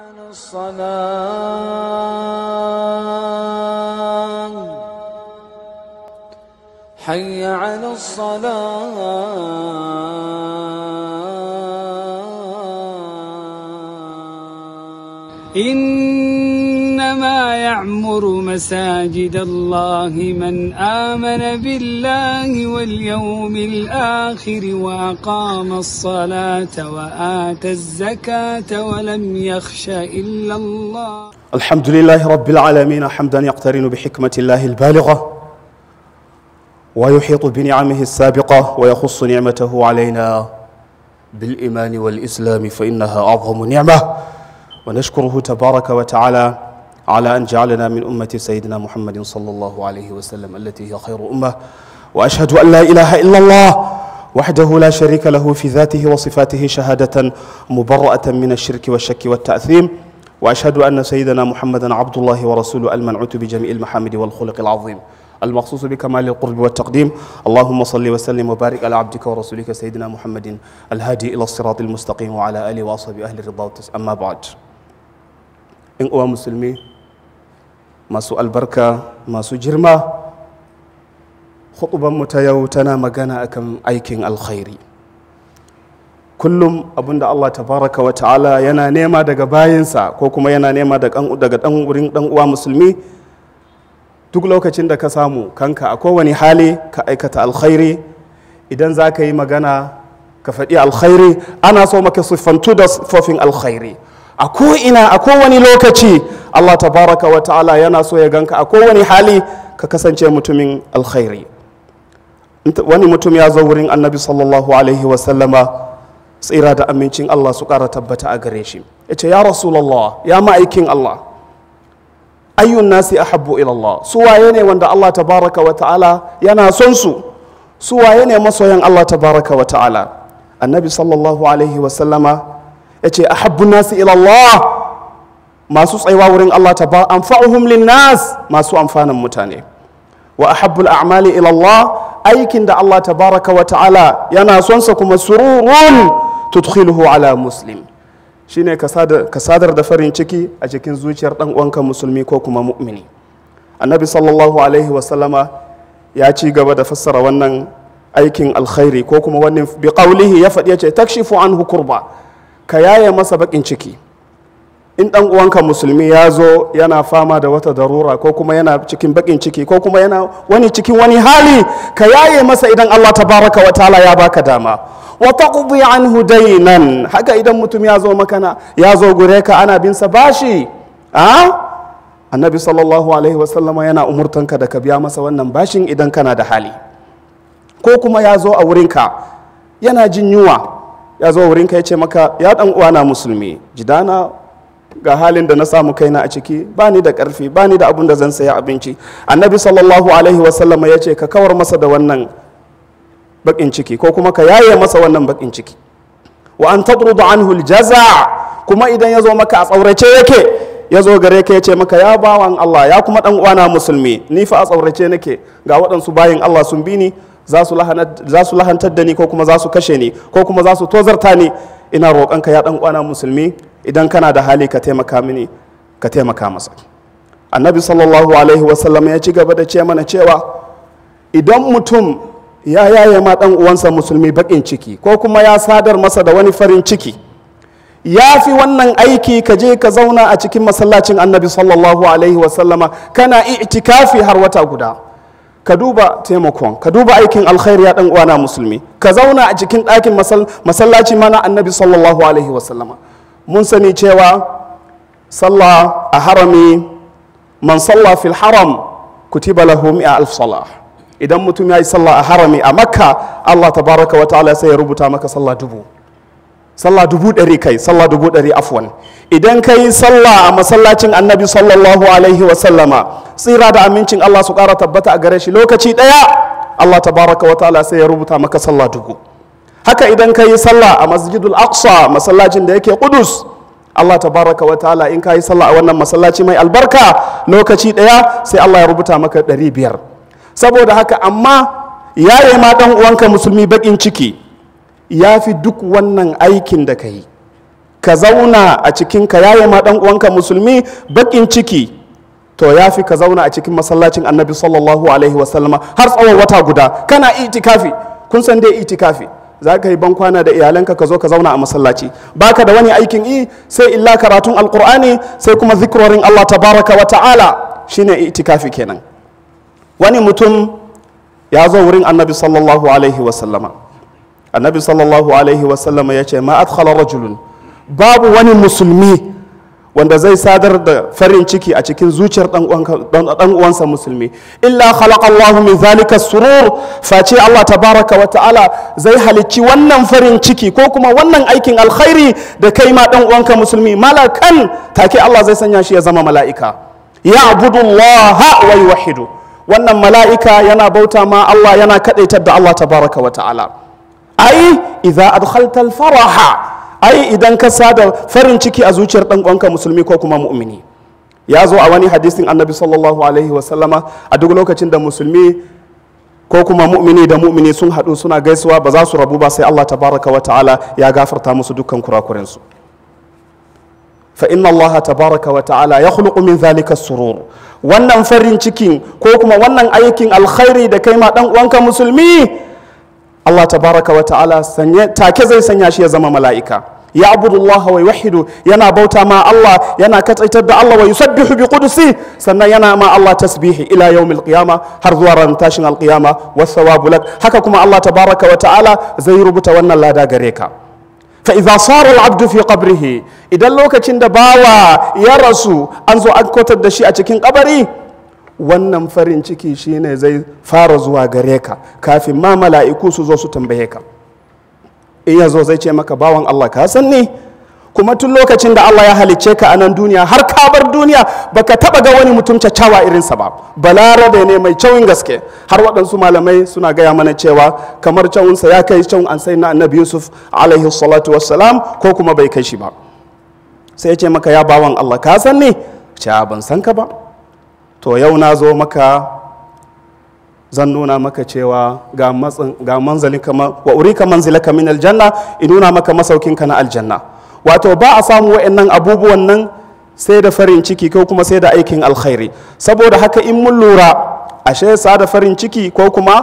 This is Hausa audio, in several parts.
عن الصلاة حي على الصلاة يعمر مساجد الله من آمن بالله واليوم الآخر وأقام الصلاة وآتى الزكاة ولم يخش إلا الله الحمد لله رب العالمين حمدا يقترن بحكمة الله البالغة ويحيط بنعمه السابقة ويخص نعمته علينا بالإيمان والإسلام فإنها أعظم نعمة ونشكره تبارك وتعالى على أن جعلنا من أمة سيدنا محمد صلى الله عليه وسلم التي هي خير أمة وأشهد أن لا إله إلا الله وحده لا شريك له في ذاته وصفاته شهادة مبرأة من الشرك والشك والتأثيم وأشهد أن سيدنا محمدا عبد الله ورسوله المنعوت بجميع المحامد والخلق العظيم المخصوص بكمال القرب والتقديم اللهم صل وسلم وبارك على عبدك ورسولك سيدنا محمد الهادي إلى الصراط المستقيم وعلى آله وأصحابه أهل الرضا أما بعد إن أوى مسلمين masu albarka masu girma mu ta yau tana magana akan aikin alkhairi kullum abinda Allah tabaraka wa ta'ala yana nema daga bayansa ko kuma yana nema daga ɗan wurin uwa musulmi duk lokacin da ka samu kanka a kowane hali ka aikata alkhairi idan za ka yi magana ka faɗi alkhairi ana so maka siffantu da siffofin alkhairi a ko'ina a kowane lokaci allah tabaraka wa ta'ala yana so ya ganka a kowane hali ka kasance mutumin alkhairi wani mutum ya zo wurin annabi sallallahu alaihi wasallama tsira da amincin allah su kara tabbata a gare shi ya ce ya rasulallah ya ma'aikin allah ayyun nasi ahabbu ilallah su waye ne wanda allah tabaraka wa ta'ala yana son su su waye ne masoyan allah tabaraka wa ta'ala annabi sallallahu alaihi wasallama ya ce a habbun nasu ilallah masu tsaiwa wurin Allah ta ba anfa'uhum linnas masu amfanin mutane wa a ahabbul a'mali ilallah aikin da Allah tabaraka wa ta'ala yana son sa kuma sururun tutkhiluhu ala muslim ne ka sadar da farin ciki a cikin zuciyar dan uwanka musulmi ko kuma mu'mini annabi sallallahu alaihi wasallama ya ci gaba da fassara wannan aikin alkhairi ko kuma wannan bi ya faɗi ya ce takshifu an kurba ka yaye masa bakin ciki in dan uwanka musulmi ya zo yana fama da wata darura ko kuma yana cikin bakin ciki ko kuma yana wani cikin wani hali ka yaye masa idan Allah tabaraka wa ta'ala ya baka dama wa taqdi anhu daynan haka idan mutum ya zo makana ya zo gure ka ana bin sa bashi a annabi sallallahu alaihi wasallama yana umurtanka da ka biya masa wannan bashin idan kana da hali ko kuma ya zo a wurinka yana jin yunwa ya zo wurinka ya ce maka ya dan uwana musulmi jidana ga halin da na samu kaina a ciki ba ni da karfi ba ni da abin da zan saya abinci annabi sallallahu alaihi wasallama ya ce ka kawar masa da wannan bakin ciki ko kuma ka yaye masa wannan bakin ciki wa an tadrudu anhu aljaza kuma idan ya zo maka a tsaurace yake ya zo gare ka ya ce maka ya bawan Allah ya kuma dan uwana musulmi ni fa a tsaurace nake ga waɗansu bayin Allah sun bi ni za su lahantar da ni ko kuma za su kashe ni ko kuma za su tozarta ni ina roƙonka ya ɗan ƙwana musulmi idan kana da hali ka taimaka mini ka taimaka masa annabi sallallahu alaihi wasallam ya ci gaba da ce mana cewa idan mutum ya yaye ma ɗan uwansa musulmi bakin ciki ko kuma ya sadar masa da wani farin ciki ya fi wannan aiki ka je ka zauna a cikin masallacin annabi sallallahu alaihi wasallama kana itikafi har wata guda ka duba taimakon ka duba aikin alkhairi ya dan uwana musulmi ka zauna a cikin ɗakin masallaci mana annabi sallallahu alaihi wasallama mun sani cewa sallah a harami man sallah fil haram kutiba lahu mi'a alf salah idan mutum ya yi sallah a harami a makka allah tabaraka wa ta'ala sai ya rubuta maka sallah dubu sallah dubu ɗari kai sallah dubu ɗari afwan idan ka yi sallah a masallacin annabi sallallahu alaihi wa sallama tsira da amincin allah su ƙara tabbata a gare shi lokaci ɗaya allah ta baraka wa ta'ala sai ya rubuta maka sallah dubu haka idan ka yi sallah a masjidul aqsa masallacin da yake kudus allah ta baraka wa ta'ala in ka yi sallah a wannan masallaci mai albarka lokaci ɗaya sai allah ya rubuta maka ɗari biyar saboda haka amma yaye ma ɗan uwanka musulmi baƙin ciki ya fi duk wannan aikin da ka yi ka zauna a cikin ka yi ma dan uwanka musulmi bakin ciki to ya fi ka zauna a cikin masallacin annabi sallallahu alaihi wasallama har tsawon wata guda kana itikafi kun san dai itikafi za ka yi bankwana da iyalanka ka zo ka zauna a masallaci ba ka da wani aikin yi sai illa karatun alkur'ani sai kuma zikirorin allah tabaraka wa ta'ala shine itikafi kenan wani mutum ya zo wurin annabi sallallahu alaihi wasallama annabi sallallahu alaihi wasallam ya ce ma adkhala rajulun babu wani musulmi wanda zai sadar da farin ciki a cikin zuciyar dan uwansa musulmi illa khalaqa Allah min zalika surur face Allah tabaraka wa ta'ala zai halicci wannan farin ciki ko kuma wannan aikin alkhairi da kai ma dan uwanka musulmi malakan take Allah zai sanya shi ya zama mala'ika ya abudullaha wa yuwahhidu wannan mala'ika yana bauta ma Allah yana kadaitar da Allah tabaraka wa ta'ala ai idza adkhalta faraha ai idan ka sada farin ciki a zuciyar dan uwanka musulmi ko kuma mu'mini ya zo a wani hadisin annabi sallallahu alaihi wa sallama a duk lokacin da musulmi ko kuma mu'mini da mu'mini sun haɗu suna gaisuwa ba za su rabu ba sai Allah tabaraka wa ta'ala ya gafarta musu dukkan kurakuren su fa inna Allah tabaraka wa ta'ala ya khuluqu min zalika surur wannan farin cikin ko kuma wannan aikin alkhairi da kai ma dan uwanka musulmi Allah tabaraka wa ta'ala take zai sanya shi ya zama mala'ika ya abudullah wa wahidu yana bauta ma Allah yana katsaitar da Allah wa yusabbihu bi kudusi sannan yana ma Allah tasbihi ila yawmil qiyama har zuwa ran tashin alqiyama wasu sawabu lak haka kuma Allah tabaraka wa ta'ala zai rubuta wannan lada gare ka fa idza sara al-abdu fi qabrihi idan lokacin da bawa ya rasu an zo an kotar da shi a cikin kabari wannan farin ciki shine zai fara zuwa gare ka kafin ma mala'iku su zo su tambaye ka in ya zo zai ce maka bawan Allah ka san ni kuma tun lokacin da Allah ya halicce ka a nan duniya har ka bar duniya baka taba ga wani mutum cacawa irinsa ba balarabe ne mai cawin gaske har waɗansu malamai suna gaya mana cewa kamar sa ya kai cawun an sai na annabi yusuf alaihi salatu wassalam ko kuma bai kai shi ba sai ya ce maka ya bawan Allah ka san ni ca ban san ka ba to yau na zo maka zan nuna maka cewa ga manzalin kama wa uri ka manzila ka min aljanna in nuna maka masaukin ka na aljanna wato ba a samu wa'annan abubuwan nan sai da farin ciki ko kuma sai da aikin alkhairi saboda haka in mun lura ashe sa da farin ciki ko kuma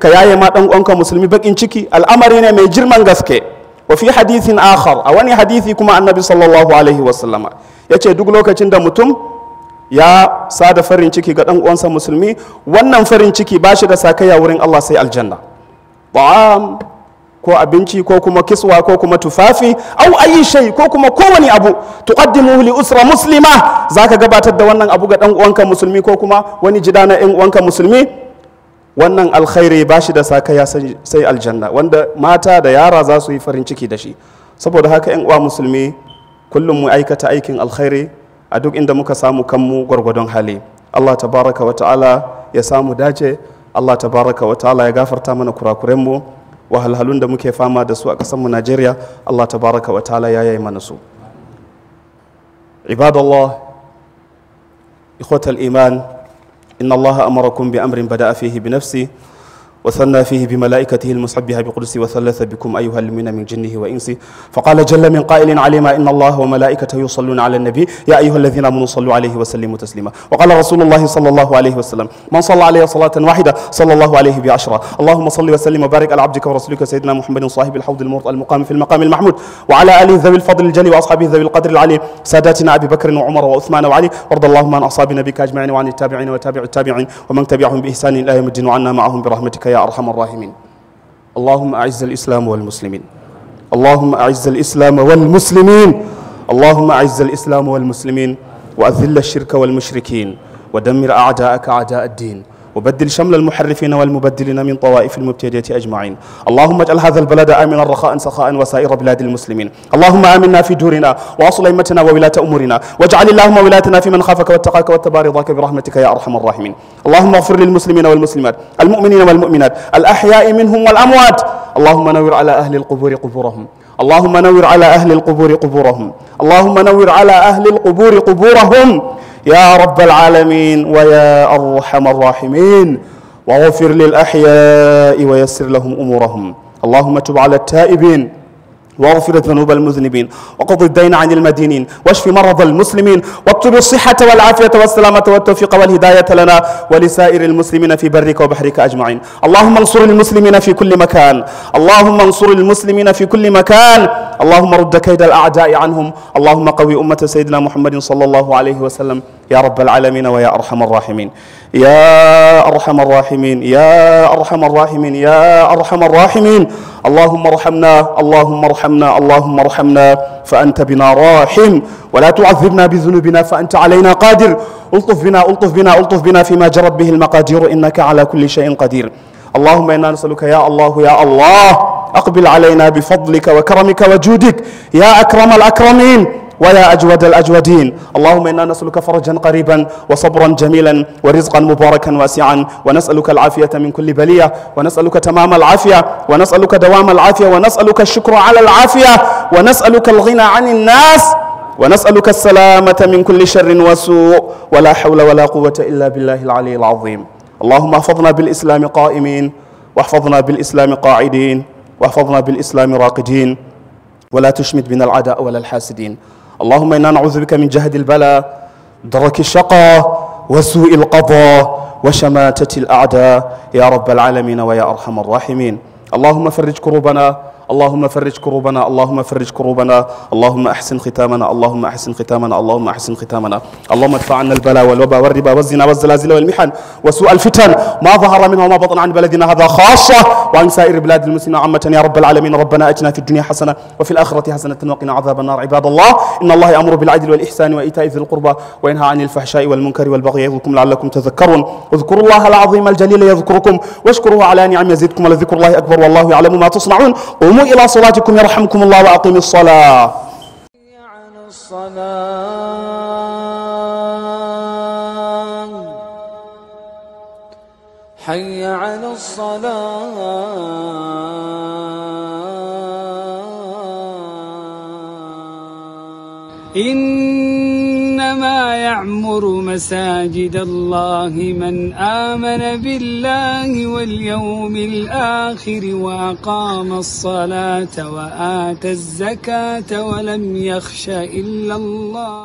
ka yaye ma dan uwanka musulmi bakin ciki al'amari ne mai girman gaske wa fi hadithin akhar a wani hadisi kuma annabi sallallahu alaihi wasallama yace duk lokacin da mutum ya sada farin ciki ga dan uwansa musulmi wannan farin ciki ba shi da sakaya wurin Allah sai aljanna ba'am ko abinci ko kuma kiswa ko kuma tufafi au ayi shay ko kuma kowani abu tuqaddimu li usra muslima zaka gabatar da wannan abu ga dan uwanka musulmi ko kuma wani jidana ɗan uwanka musulmi wannan alkhairi ba shi da sakaya sai aljanna wanda mata da yara za su yi farin ciki da shi saboda haka yan uwa musulmi kullum mu aikata aikin alkhairi a duk inda muka samu kanmu gwargwadon hali allah tabaraka wa ta'ala ya samu dace allah tabaraka wa ta'ala ya gafarta mana kurakurenmu wahalhalun da muke fama da su a kasanmu najeriya allah tabaraka wa ta'ala ya yi mana su ibadallah ikhwatal iman inna amara amarakum bi amrin bada fihi bi nafsi وثنى فيه بملائكته المسبحة بقدسه وثلث بكم أيها المؤمنون من جنه وإنسه فقال جل من قائل علم إن الله وملائكته يصلون على النبي يا أيها الذين آمنوا صلوا عليه وسلموا تسليما وقال رسول الله صلى الله عليه وسلم من صلى عليه صلاة واحدة صلى الله عليه بعشرة اللهم صل وسلم وبارك على عبدك ورسولك سيدنا محمد صاحب الحوض المرض المقام في المقام المحمود وعلى آله ذوي الفضل الجلي وأصحابه ذوي القدر العلي ساداتنا أبي بكر وعمر وعثمان وعلي وارض اللهم عن أصحاب نبيك أجمعين وعن التابعين وتابع التابعين ومن تبعهم بإحسان إلى يوم الدين وعنا معهم برحمتك يا أرحم الراحمين اللهم أعز الإسلام والمسلمين اللهم أعز الإسلام والمسلمين اللهم أعز الإسلام والمسلمين وأذل الشرك والمشركين ودمر أعداءك أعداء الدين وبدل شمل المحرفين والمبدلين من طوائف المبتدية أجمعين اللهم اجعل هذا البلد آمنا رخاء سخاء وسائر بلاد المسلمين اللهم آمنا في دورنا وأصل أئمتنا وولاة أمورنا واجعل اللهم ولاتنا في من خافك واتقاك واتبع رضاك برحمتك يا أرحم الراحمين اللهم اغفر للمسلمين والمسلمات المؤمنين والمؤمنات الأحياء منهم والأموات اللهم نور على أهل القبور قبورهم اللهم نور على أهل القبور قبورهم اللهم نور على أهل القبور قبورهم يا رب العالمين ويا أرحم الراحمين واغفر للأحياء ويسر لهم أمورهم اللهم تب على التائبين واغفر ذنوب المذنبين وقض الدين عن المدينين واشف مرض المسلمين واطلب الصحة والعافية والسلامة والتوفيق والهداية لنا ولسائر المسلمين في برك وبحرك أجمعين اللهم انصر المسلمين في كل مكان اللهم انصر المسلمين في كل مكان اللهم رد كيد الأعداء عنهم اللهم قوي أمة سيدنا محمد صلى الله عليه وسلم يا رب العالمين ويا أرحم الراحمين يا أرحم الراحمين يا أرحم الراحمين يا أرحم الراحمين اللهم ارحمنا اللهم ارحمنا اللهم ارحمنا فأنت بنا راحم ولا تعذبنا بذنوبنا فأنت علينا قادر ألطف بنا ألطف بنا ألطف بنا فيما جرت به المقادير إنك على كل شيء قدير اللهم إنا نسألك يا الله يا الله أقبل علينا بفضلك وكرمك وجودك يا أكرم الأكرمين ويا أجود الأجودين اللهم إنا نسألك فرجا قريبا وصبرا جميلا ورزقا مباركا واسعا ونسألك العافية من كل بلية ونسألك تمام العافية ونسألك دوام العافية ونسألك الشكر على العافية ونسألك الغنى عن الناس ونسألك السلامة من كل شر وسوء ولا حول ولا قوة إلا بالله العلي العظيم اللهم احفظنا بالإسلام قائمين واحفظنا بالإسلام قاعدين واحفظنا بالإسلام راقدين ولا تشمت بنا العداء ولا الحاسدين اللهم إنا نعوذ بك من جهد البلاء درك الشقاء وسوء القضاء وشماتة الأعداء يا رب العالمين ويا أرحم الراحمين اللهم فرج كروبنا اللهم فرج كروبنا اللهم فرج كروبنا اللهم احسن ختامنا اللهم احسن ختامنا اللهم احسن ختامنا اللهم ادفع عنا البلاء والوباء والربا والزنا والزلازل والمحن وسوء الفتن ما ظهر منها وما بطن عن بلدنا هذا خاصه وعن سائر بلاد المسلمين عامه يا رب العالمين ربنا اتنا في الدنيا حسنه وفي الاخره حسنه وقنا عذاب النار عباد الله ان الله يامر بالعدل والاحسان وايتاء ذي القربى وينهى عن الفحشاء والمنكر والبغي يعظكم لعلكم تذكرون اذكروا الله العظيم الجليل يذكركم واشكروه على نعم يزدكم ولذكر الله اكبر والله يعلم ما تصنعون قوموا إلى صلاتكم يرحمكم الله وأقيموا الصلاة الصلاة حي على الصلاة إن يعمر مساجد الله من آمن بالله واليوم الآخر وأقام الصلاة وآتى الزكاة ولم يخش إلا الله